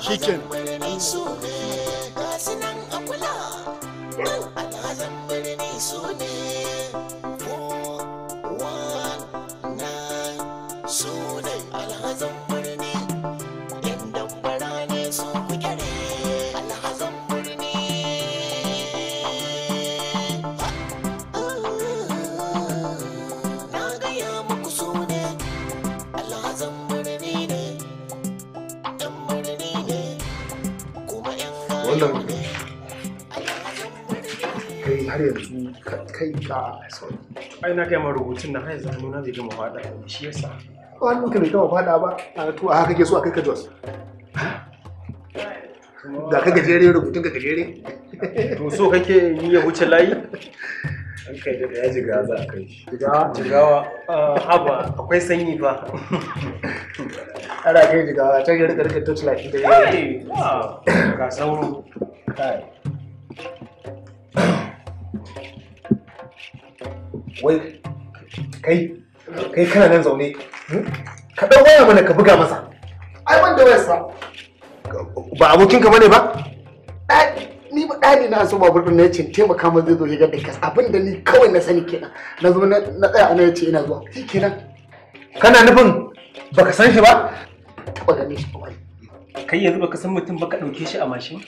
shiken su ne wannan kai har yanzu kai ka sauri ai na kai ma rubutun nan har yanzu na bai gama fada shi yasa ba gama fada ba a to a haka ke so a kai ka jos da ka gajere rubutun ka gajere to so kake ni ya layi an kai da za a kai jigawa ah, haba akwai sanyi fa ana kai jigawa can yi rika rika touch light da yayi ga sauro kai wai kai kai kana nan zaune hmm? ka ɗan waya mana ka buga masa ai ban da wayarsa ba abokinka bane ba ni ba ɗani na so babur ɗin na yace taimaka ma zai zo shigar da kas Abinda ni kawai na sani kenan na zo na tsaya ana yace ina zuwa shi kenan kana nufin baka san shi ba ban taɓa ganin shi ba kai yanzu baka san mutum baka ɗauke shi a mashin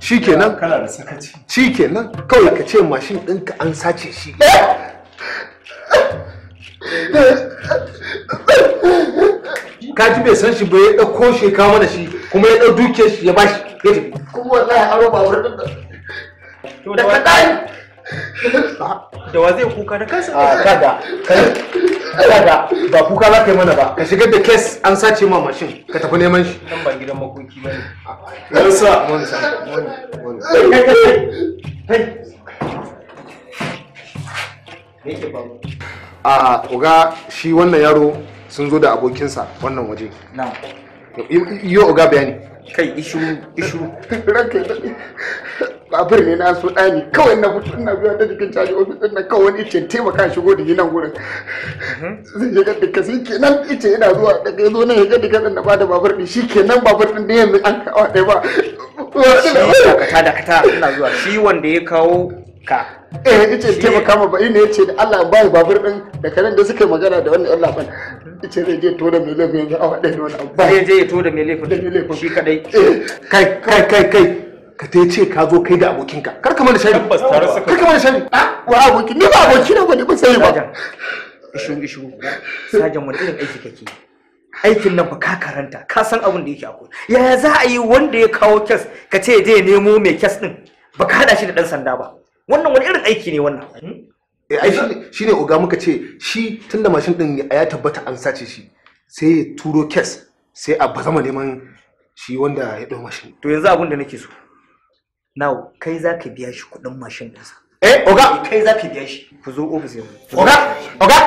shi kenan kana da sakaci shi kenan kawai ka ce mashin ɗinka an sace shi kaji bai san shi ba ya ɗauko shi ka mana shi kuma ya ɗau dukiyar shi ya bashi ya tafi kuma wallahi aro ba wurin da da kaɗai da wa zai kuka da kansa a kada kai Daga ba kuka za ka yi mana ba. Ka shigar da kes an sace ma mashin ka tafi neman shi. Kan ba gidan makoki ba ne. Yansa. Monsa. A uga shi wannan yaro sun zo da abokinsa wannan waje. Yo uga bayani. Kai ishu ishu. babur ne na so ɗani kawai na fito ina biya ta jikin caji ofis ɗin na kawai wani ice taimaka shigo da gidan gurin zai shiga da kasi kenan ice ina zuwa daga zo na shiga da kasan na bada babur ɗin shi kenan babur ɗin da yanzu an kawo ɗaya ba. dakata dakata ina zuwa shi wanda ya kawo ka eh ice taimaka ma bai ne yace da Allah bai babur din da kanan da suka magana da wannan Allah ban ice zai je to da mai laifin yanzu awa ɗaya da wani ba zai je to da mai laifin shi kadai eh, kai kai kai kai ka ta ce ka zo kai da abokinka kar ka mana shari kar ka mana shari a ah, wa aboki ni ba aboki na bane ba sai ba ishu ishu sajan wani irin aiki kake aikin nan ba ka karanta ka san abin da yake akwai yaya za a yi wanda ya kawo kes ka ce je nemo mai kes din ba ka hada shi da dan sanda ba wannan wani irin aiki ne wannan hmm? eh, ai shi ne oga muka ce shi tun da mashin din ya tabbata an sace shi sai ya turo kes sai a bazama neman shi wanda ya ɗau mashin to yanzu abin da nake so now kai za ka biya shi kuɗin mashin ɗinsa eh oga kai za ka biya shi ku zo ofis yanzu oga oga